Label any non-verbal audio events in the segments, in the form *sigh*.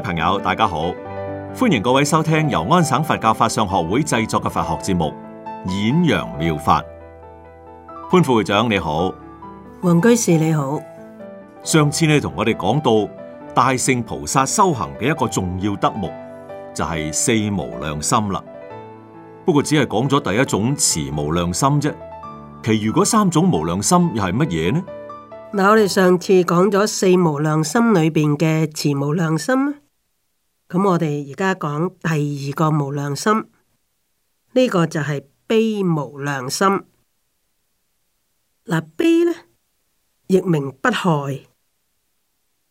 朋友，大家好，歡迎各位收聽由安省佛教法相學會製作嘅佛學節目《演揚妙，妙法》。潘副會長你好，黃居士你好。上次你同我哋講到大乘菩薩修行嘅一個重要德目，就係四無量心啦。不過只係講咗第一種慈無量心啫。其餘三種無量心又係乜嘢呢？嗱，我哋上次講咗四無量心裏邊嘅慈無量心。咁我哋而家講第二個無量心，呢個就係悲無量心。嗱，悲咧亦名不害，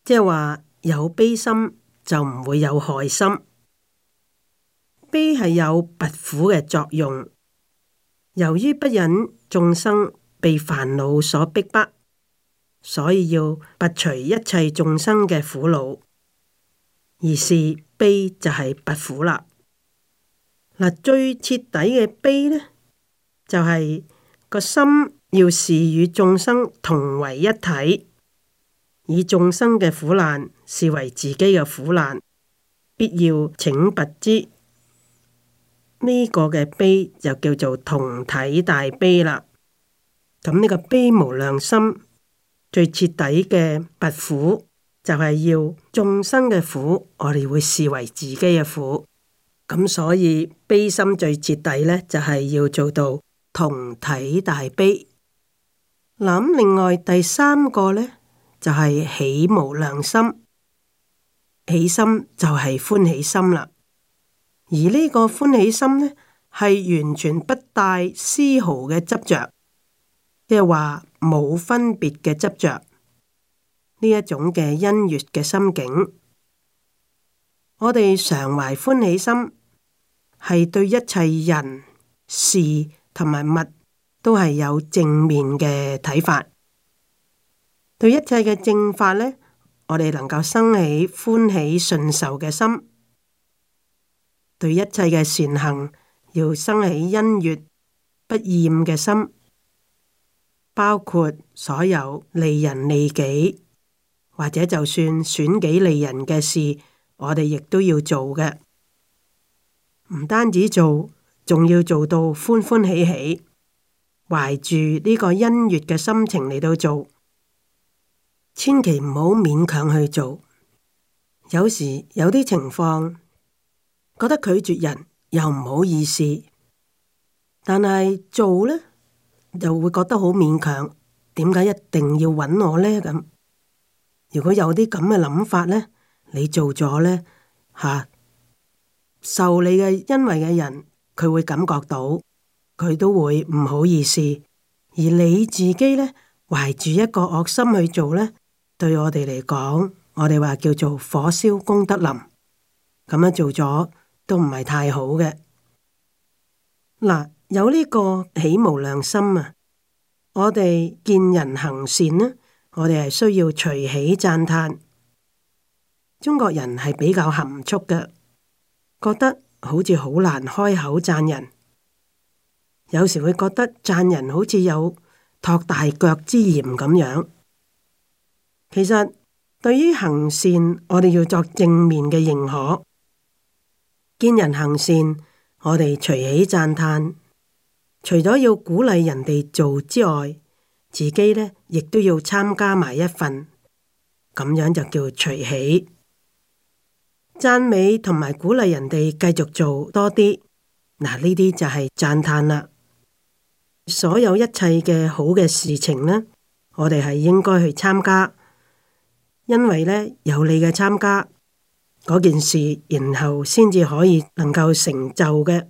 即係話有悲心就唔會有害心。悲係有拔苦嘅作用，由於不忍眾生被煩惱所逼迫，所以要拔除一切眾生嘅苦惱。而是悲就係拔苦啦。嗱，最徹底嘅悲呢，就係、是、個心要視與眾生同為一體，以眾生嘅苦難視為自己嘅苦難，必要請拔之。呢、這個嘅悲就叫做同體大悲啦。咁、這、呢個悲無量心，最徹底嘅拔苦。就係要眾生嘅苦，我哋會視為自己嘅苦，咁所以悲心最徹底呢，就係要做到同體大悲。嗱，咁另外第三個呢，就係喜無量心，喜心就係歡喜心啦。而呢個歡喜心呢，係完全不帶絲毫嘅執着，即係話冇分別嘅執着。呢一種嘅欣悅嘅心境，我哋常懷歡喜心，係對一切人事同埋物都係有正面嘅睇法。對一切嘅正法呢，我哋能夠生起歡喜順受嘅心；對一切嘅善行，要生起欣悅不厭嘅心，包括所有利人利己。或者就算損己利人嘅事，我哋亦都要做嘅。唔單止做，仲要做到歡歡喜喜，懷住呢個欣悦嘅心情嚟到做。千祈唔好勉強去做。有時有啲情況，覺得拒絕人又唔好意思，但係做呢，就會覺得好勉強。點解一定要揾我呢？咁？如果有啲咁嘅諗法呢，你做咗呢，吓、啊，受你嘅恩惠嘅人，佢會感覺到，佢都會唔好意思。而你自己呢，懷住一個惡心去做呢，對我哋嚟講，我哋話叫做火燒功德林，咁樣做咗都唔係太好嘅。嗱，有呢個喜無量心啊，我哋見人行善啦。我哋係需要隨喜讚歎，中國人係比較含蓄嘅，覺得好似好難開口讚人，有時會覺得讚人好似有托大腳之嫌咁樣。其實對於行善，我哋要作正面嘅認可，見人行善，我哋隨喜讚歎，除咗要鼓勵人哋做之外。自己呢亦都要參加埋一份，咁樣就叫隨喜、讚美同埋鼓勵人哋繼續做多啲。嗱，呢啲就係讚歎啦。所有一切嘅好嘅事情呢，我哋係應該去參加，因為呢有你嘅參加嗰件事，然後先至可以能夠成就嘅。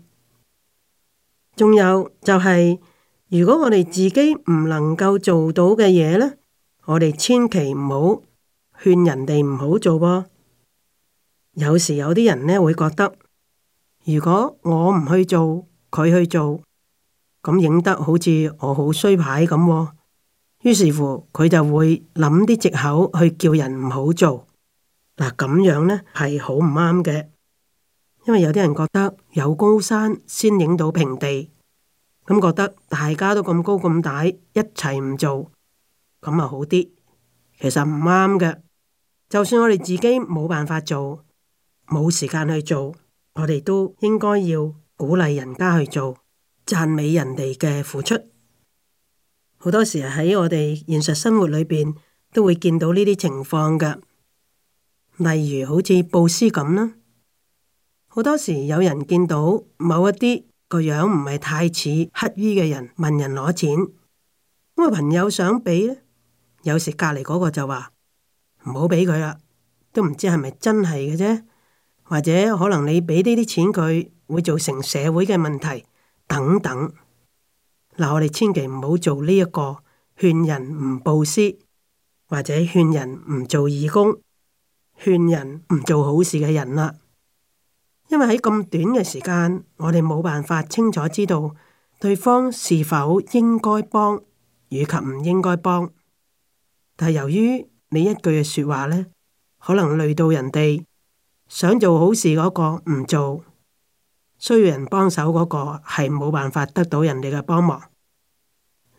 仲有就係、是。如果我哋自己唔能夠做到嘅嘢呢，我哋千祈唔好勸人哋唔好做噃。有時有啲人呢會覺得，如果我唔去做，佢去做，咁影得好似我好衰牌咁。於是乎，佢就會諗啲藉口，去叫人唔好做。嗱，咁樣呢係好唔啱嘅，因為有啲人覺得有高山先影到平地。咁覺得大家都咁高咁大，一齊唔做咁咪好啲。其實唔啱嘅。就算我哋自己冇辦法做，冇時間去做，我哋都應該要鼓勵人家去做，讚美人哋嘅付出。好多時喺我哋現實生活裏邊都會見到呢啲情況嘅，例如好似布施咁啦。好多時有人見到某一啲，個樣唔係太似乞衣嘅人，問人攞錢，我、那個、朋友想俾咧，有時隔籬嗰個就話唔好俾佢啦，都唔知係咪真係嘅啫，或者可能你俾呢啲錢佢，會造成社會嘅問題等等。嗱、這個，我哋千祈唔好做呢一個勸人唔布施，或者勸人唔做義工，勸人唔做好事嘅人啦。因為喺咁短嘅時間，我哋冇辦法清楚知道對方是否應該幫，以及唔應該幫。但係由於你一句嘅説話呢，可能累到人哋想做好事嗰個唔做，需要人幫手嗰個係冇辦法得到人哋嘅幫忙，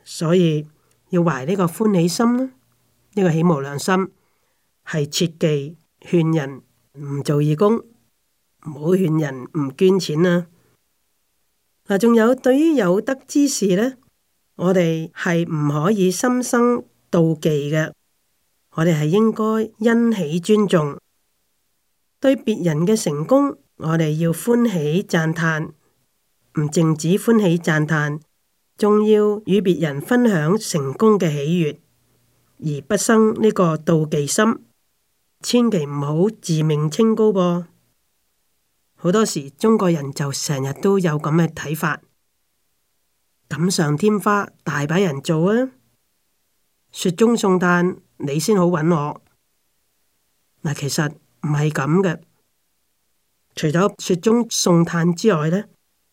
所以要懷呢個歡喜心啦，呢呢個喜無良心係切忌勸人唔做義工。唔好勸人唔捐錢啦、啊。嗱，仲有對於有德之士呢，我哋係唔可以心生妒忌嘅。我哋係應該欣喜尊重，對別人嘅成功，我哋要歡喜讚嘆，唔淨止歡喜讚嘆，仲要與別人分享成功嘅喜悦，而不生呢個妒忌心。千祈唔好自命清高噃、啊。好多時中國人就成日都有咁嘅睇法，錦上添花，大把人做啊！雪中送炭，你先好搵我。嗱，其實唔係咁嘅。除咗雪中送炭之外咧，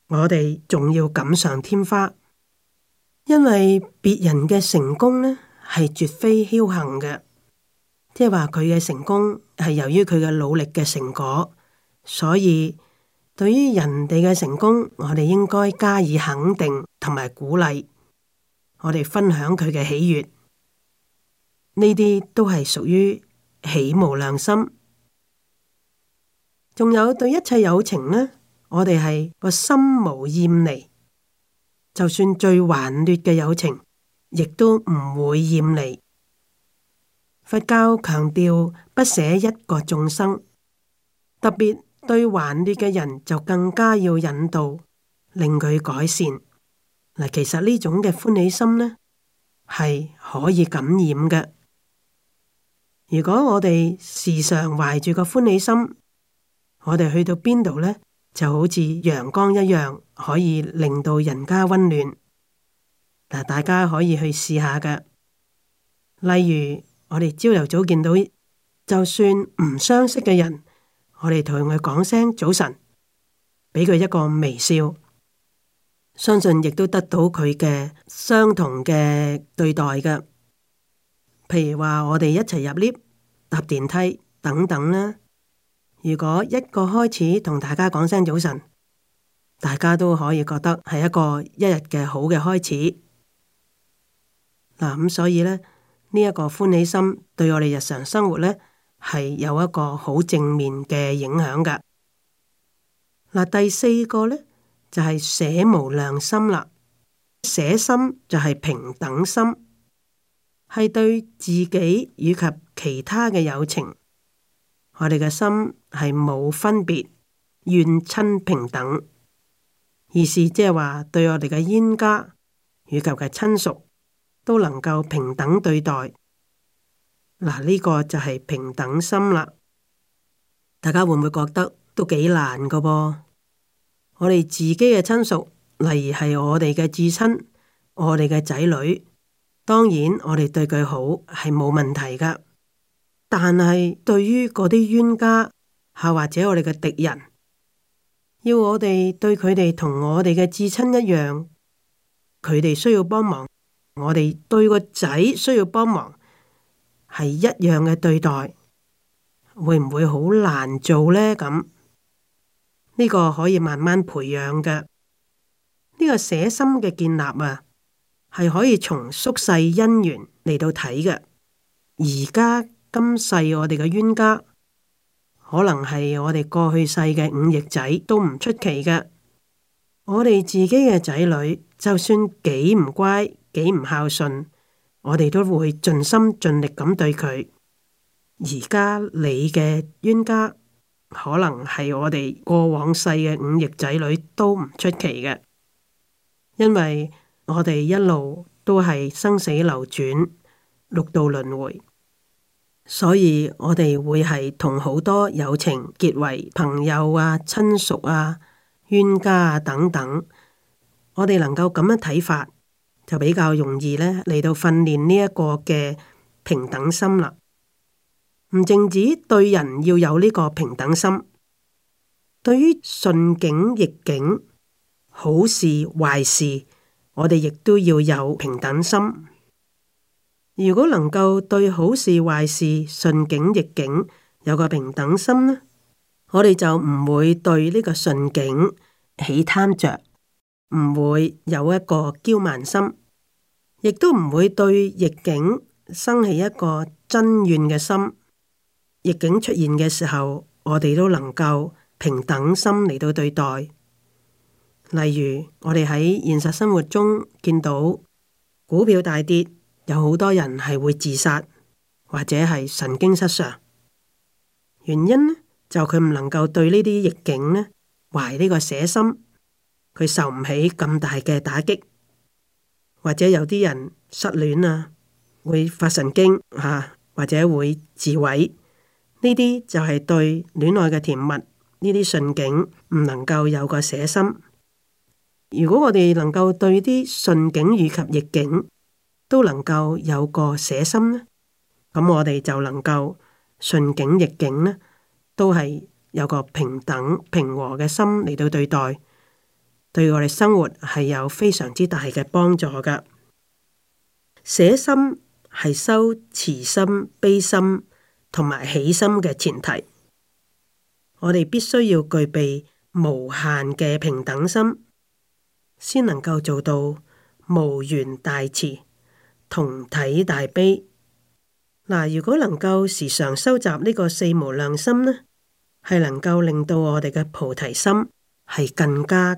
我哋仲要錦上添花，因為別人嘅成功咧係絕非僥倖嘅，即係話佢嘅成功係由於佢嘅努力嘅成果。所以，對於人哋嘅成功，我哋應該加以肯定同埋鼓勵，我哋分享佢嘅喜悅。呢啲都係屬於喜無量心。仲有對一切有情呢，我哋係個心無厭離，就算最頑劣嘅有情，亦都唔會厭離。佛教強調不捨一個眾生，特別。對頑劣嘅人就更加要引導，令佢改善。嗱，其實呢種嘅歡喜心呢，係可以感染嘅。如果我哋時常懷住個歡喜心，我哋去到邊度呢，就好似陽光一樣，可以令到人家溫暖。嗱，大家可以去試下㗎。例如我哋朝頭早見到，就算唔相識嘅人。我哋同佢講聲早晨，畀佢一個微笑，相信亦都得到佢嘅相同嘅對待嘅。譬如話我哋一齊入 lift、搭電梯等等啦。如果一個開始同大家講聲早晨，大家都可以覺得係一個一日嘅好嘅開始。嗱、啊，咁、嗯、所以呢，呢、這、一個歡喜心對我哋日常生活呢。係有一個好正面嘅影響噶。嗱，第四個呢，就係捨無量心啦，捨心就係平等心，係對自己以及其他嘅友情，我哋嘅心係冇分別，怨親平等，而是即係話對我哋嘅冤家以及嘅親屬都能夠平等對待。嗱，呢個就係平等心啦。大家會唔會覺得都幾難個噃？我哋自己嘅親屬，例如係我哋嘅至親、我哋嘅仔女，當然我哋對佢好係冇問題噶。但係對於嗰啲冤家，吓或者我哋嘅敵人，要我哋對佢哋同我哋嘅至親一樣，佢哋需要幫忙，我哋對個仔需要幫忙。係一樣嘅對待，會唔會好難做呢？咁呢個可以慢慢培養嘅，呢個捨心嘅建立啊，係可以從宿世因緣嚟到睇嘅。而家今世我哋嘅冤家，可能係我哋過去世嘅忤逆仔都唔出奇嘅。我哋自己嘅仔女，就算幾唔乖，幾唔孝順，我哋都會盡心盡力咁對佢。而家你嘅冤家，可能係我哋過往世嘅五逆仔女都唔出奇嘅，因為我哋一路都係生死流轉、六道輪迴，所以我哋會係同好多有情結為朋友啊、親屬啊、冤家啊等等。我哋能夠咁樣睇法。就比較容易呢嚟到訓練呢一個嘅平等心啦。唔淨止對人要有呢個平等心，對於順境逆境、好事壞事，我哋亦都要有平等心。如果能夠對好事壞事、順境逆境有個平等心呢，我哋就唔會對呢個順境起貪着。唔會有一個驕慢心，亦都唔會對逆境生起一個真怨嘅心。逆境出現嘅時候，我哋都能夠平等心嚟到對待。例如，我哋喺現實生活中見到股票大跌，有好多人係會自殺或者係神經失常。原因呢就佢唔能夠對呢啲逆境呢懷呢個捨心。佢受唔起咁大嘅打擊，或者有啲人失戀啊，會發神經嚇、啊，或者會自毀。呢啲就係對戀愛嘅甜蜜呢啲順境唔能夠有個捨心。如果我哋能夠對啲順境以及逆境都能夠有個捨心咧，咁我哋就能夠順境逆境咧都係有個平等平和嘅心嚟到對待。對我哋生活係有非常之大嘅幫助噶，捨心係修慈心、悲心同埋喜心嘅前提。我哋必須要具備無限嘅平等心，先能夠做到無緣大慈、同體大悲。嗱，如果能夠時常收集呢個四無量心呢，係能夠令到我哋嘅菩提心係更加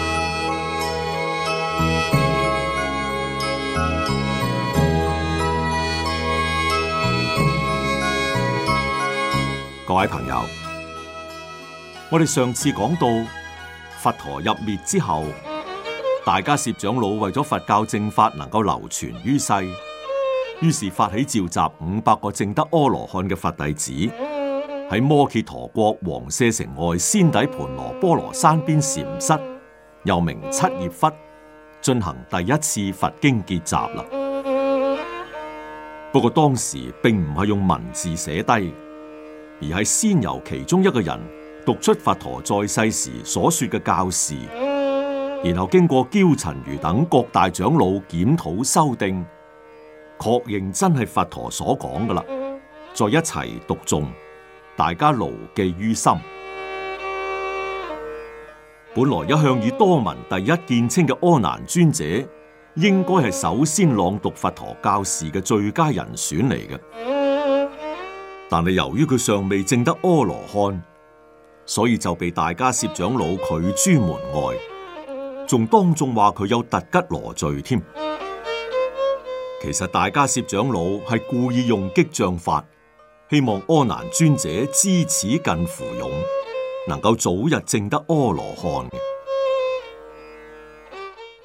各位朋友，我哋上次講到佛陀入滅之後，大家攝長老為咗佛教正法能夠流傳於世，於是發起召集五百個證得阿羅漢嘅佛弟子，喺摩揭陀國王舍城外仙底盤羅波羅山邊禪室，又名七葉窟，進行第一次佛經結集。不過當時並唔係用文字寫低。而係先由其中一個人讀出佛陀在世時所說嘅教示，然後經過憍陳如等各大長老檢討修訂，確認真係佛陀所講噶啦，再一齊讀誦，大家牢記於心。本來一向以多聞第一見稱嘅阿難尊者，應該係首先朗讀佛陀教示嘅最佳人選嚟嘅。但係由於佢尚未證得阿羅漢，所以就被大迦葉長老拒諸門外，仲當眾話佢有突吉羅罪添。其實大迦葉長老係故意用激將法，希望阿難尊者知恥近乎勇，能夠早日證得阿羅漢。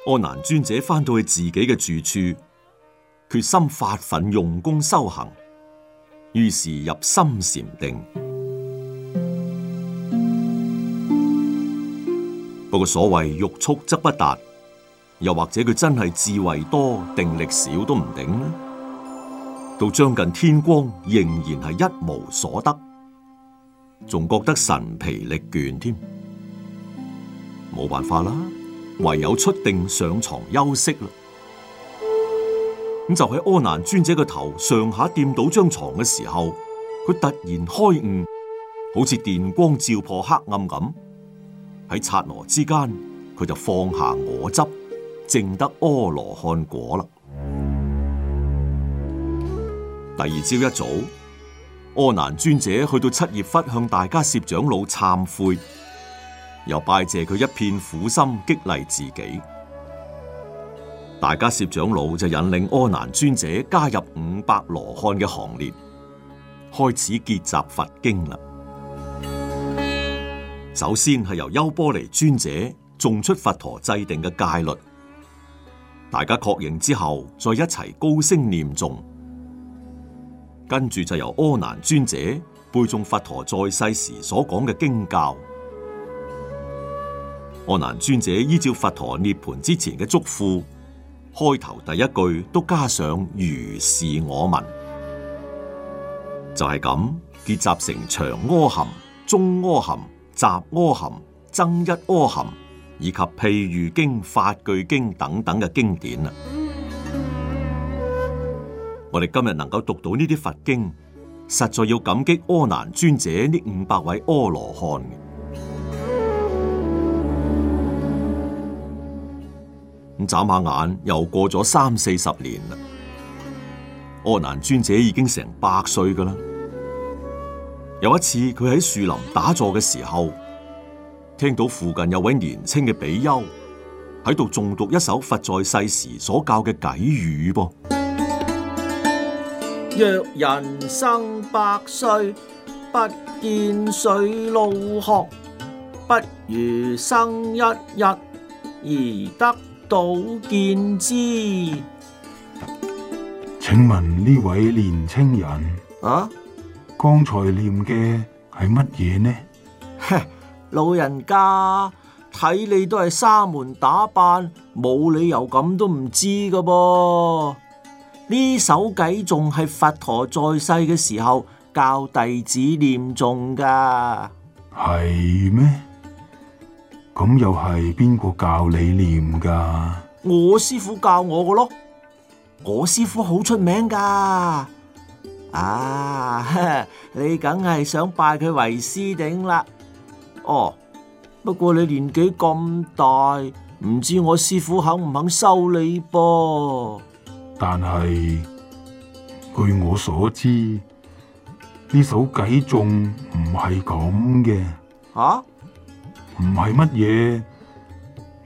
阿難尊者返到去自己嘅住處，決心發奮用功修行。於是入深禪定。不過，所謂欲速則不達，又或者佢真係智慧多，定力少都唔定。到將近天光，仍然係一無所得，仲覺得神疲力倦添。冇辦法啦，唯有出定上床休息啦。咁就喺阿難尊者個頭上下掂到張床嘅時候，佢突然開悟，好似電光照破黑暗咁。喺剎那之間，佢就放下我執，證得阿羅漢果啦。第二朝一早，阿難尊者去到七葉窟向大迦葉長老懺悔，又拜謝佢一片苦心激勵自己。大家攝長老就引領阿難尊者加入五百羅漢嘅行列，開始結集佛經啦。首先係由優波離尊者誦出佛陀制定嘅戒律，大家確認之後再一齊高聲念誦。跟住就由阿難尊者背誦佛陀在世時所講嘅經教。阿難尊者依照佛陀涅槃之前嘅囑咐。開頭第一句都加上如是我聞，就係、是、咁結集成長阿含、中阿含、雜阿含、增一阿含以及譬喻經、法句經等等嘅經典啦。 *music* 我哋今日能夠讀到呢啲佛經，實在要感激阿難尊者呢五百位阿羅漢。咁眨下眼，又過咗三四十年啦。安南尊者已經成百歲噶啦。有一次，佢喺樹林打坐嘅時候，聽到附近有位年輕嘅比丘喺度誦讀一首佛在世時所教嘅偈語噃。若人生百歲，不見水路鶴，不如生一日而得。道見之，請問呢位年青人啊，剛才念嘅係乜嘢呢？ *laughs* 老人家睇你都係沙門打扮，冇理由咁都唔知噶噃。呢首偈仲係佛陀在世嘅時候教弟子念誦噶，係咩？咁又係邊個教你念噶我師傅教我個咯，我師傅好出名噶，啊，你梗係想拜佢為師頂啦。哦，不過你年紀咁大，唔知我師傅肯唔肯收你噃？但係據我所知，呢首偈仲唔係咁嘅啊。唔係乜嘢，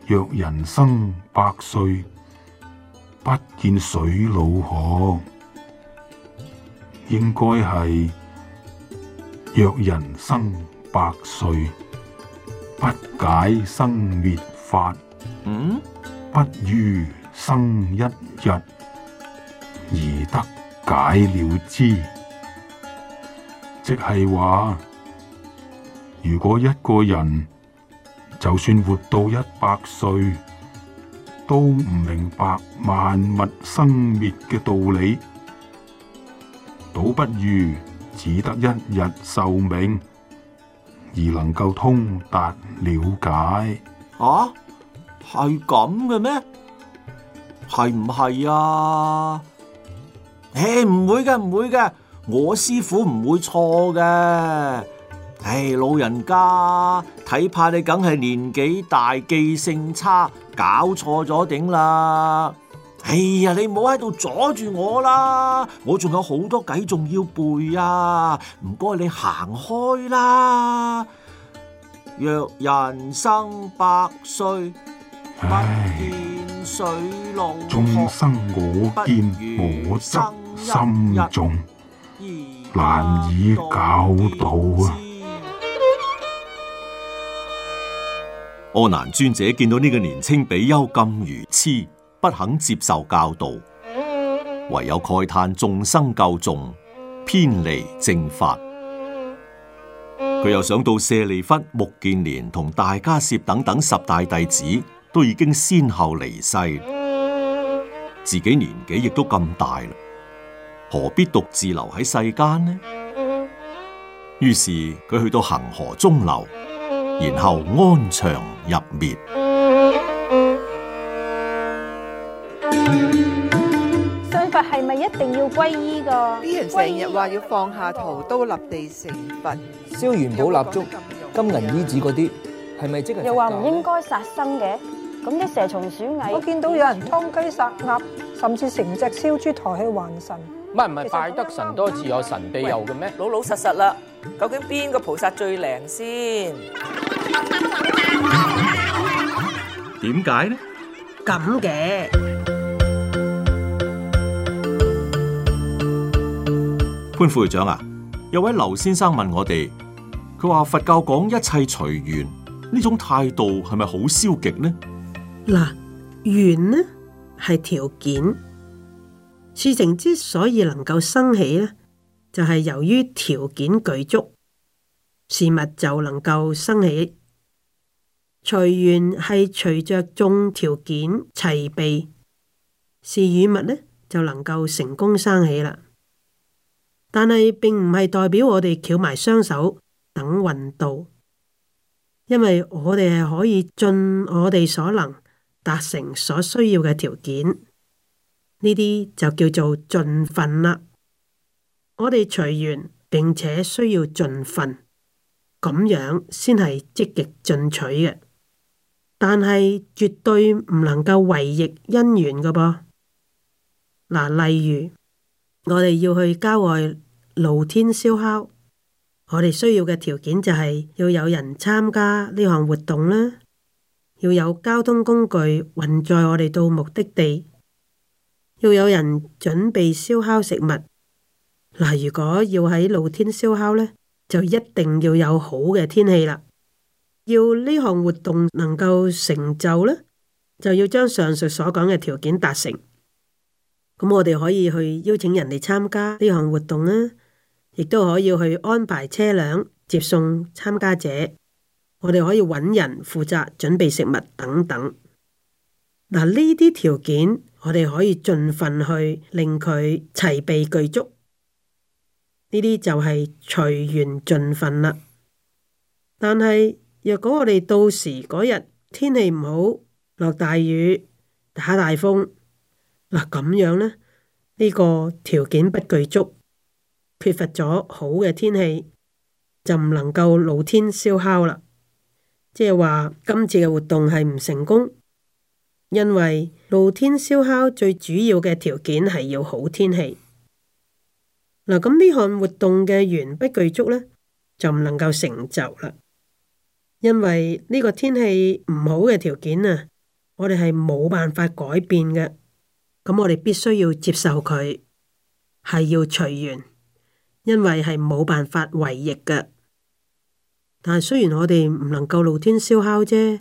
若人生百歲，不見水老鶴，應該係若人生百歲，不解生滅法，不如生一日而得解了之。即係話，如果一個人。就算活到一百歲，都唔明白萬物生滅嘅道理，倒不如只得一日壽命，而能夠通達了解。啊，係咁嘅咩？係唔係啊？誒，唔會嘅，唔會嘅，我師傅唔會錯嘅。唉、哎，老人家睇怕你梗係年紀大記性差，搞錯咗頂啦！哎呀，你唔好喺度阻住我啦，我仲有好多偈仲要背啊！唔該你行開啦。若人生百歲，唉不見水老鶴，眾生我見我執心重。難以搞到啊！阿難尊者見到呢個年青比丘咁愚癡，不肯接受教導，唯有慨嘆眾生救重偏離正法。佢又想到舍利弗、目犍連同大迦葉等等十大弟子都已經先後離世，自己年紀亦都咁大啦，何必獨自留喺世間呢？於是佢去到恒河中流。然後安詳入滅。信佛係咪一定要皈依噶？啲人成日話要放下屠刀立地成佛，燒元寶蠟燭、金銀衣紙嗰啲，係咪即係？又話唔應該殺生嘅，咁啲蛇蟲鼠蟻，我見到有人劏雞殺鴨，甚至成隻燒豬抬去還神，唔係唔係拜得神多自有神庇佑嘅咩？老老實實啦，究竟邊個菩薩最靈先？點解 *noise* 呢？咁嘅潘副會長啊，有位劉先生問我哋，佢話佛教講一切隨緣，呢種態度係咪好消極呢？嗱，緣呢係條件，事情之所以能夠生起呢，就係由於條件具足，事物就能夠生起。隨緣係隨着眾條件齊備，事與物呢就能夠成功生起啦。但係並唔係代表我哋翹埋雙手等運到，因為我哋係可以盡我哋所能達成所需要嘅條件，呢啲就叫做盡份啦。我哋隨緣並且需要盡份，咁樣先係積極進取嘅。但係絕對唔能夠違逆因緣嘅噃。嗱，例如我哋要去郊外露天燒烤，我哋需要嘅條件就係要有人參加呢項活動啦，要有交通工具運載我哋到目的地，要有人準備燒烤食物。嗱，如果要喺露天燒烤呢，就一定要有好嘅天氣啦。要呢項活動能夠成就呢，就要將上述所講嘅條件達成。咁我哋可以去邀請人哋參加呢項活動啊，亦都可以去安排車輛接送參加者。我哋可以揾人負責準備食物等等。嗱，呢啲條件我哋可以盡份去令佢齊備具足。呢啲就係隨緣盡份啦。但係。若果我哋到時嗰日天氣唔好，落大雨、打大風，嗱，咁樣咧，呢個條件不具足，缺乏咗好嘅天氣，就唔能夠露天燒烤啦。即係話今次嘅活動係唔成功，因為露天燒烤最主要嘅條件係要好天氣。嗱，咁呢項活動嘅緣不具足咧，就唔能夠成就啦。因為呢個天氣唔好嘅條件啊，我哋係冇辦法改變嘅，咁我哋必須要接受佢，係要隨緣，因為係冇辦法違逆嘅。但係雖然我哋唔能夠露天燒烤啫，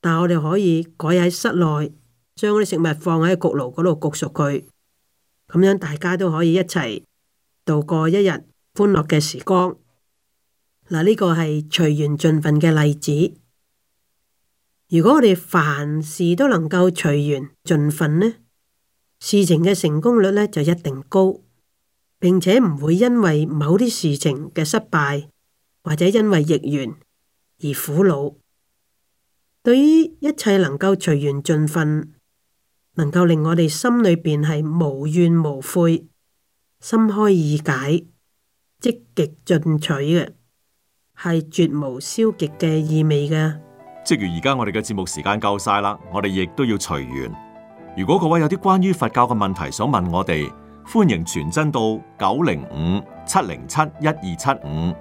但我哋可以改喺室內，將啲食物放喺焗爐嗰度焗熟佢，咁樣大家都可以一齊度過一日歡樂嘅時光。嗱，呢個係隨緣盡份嘅例子。如果我哋凡事都能夠隨緣盡份呢，事情嘅成功率呢就一定高，並且唔會因為某啲事情嘅失敗或者因為逆緣而苦惱。對於一切能夠隨緣盡份，能夠令我哋心裏邊係無怨無悔、心開意解、積極進取嘅。係絕無消極嘅意味㗎。即如而家我哋嘅節目時間夠晒啦，我哋亦都要隨緣。如果各位有啲關於佛教嘅問題想問我哋，歡迎傳真到九零五七零七一二七五，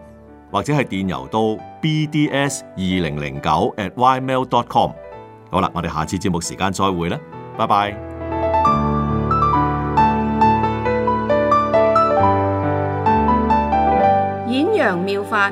或者係電郵到 bds 二零零九 @ymail.com。好啦，我哋下次節目時間再會啦，拜拜。演揚妙法。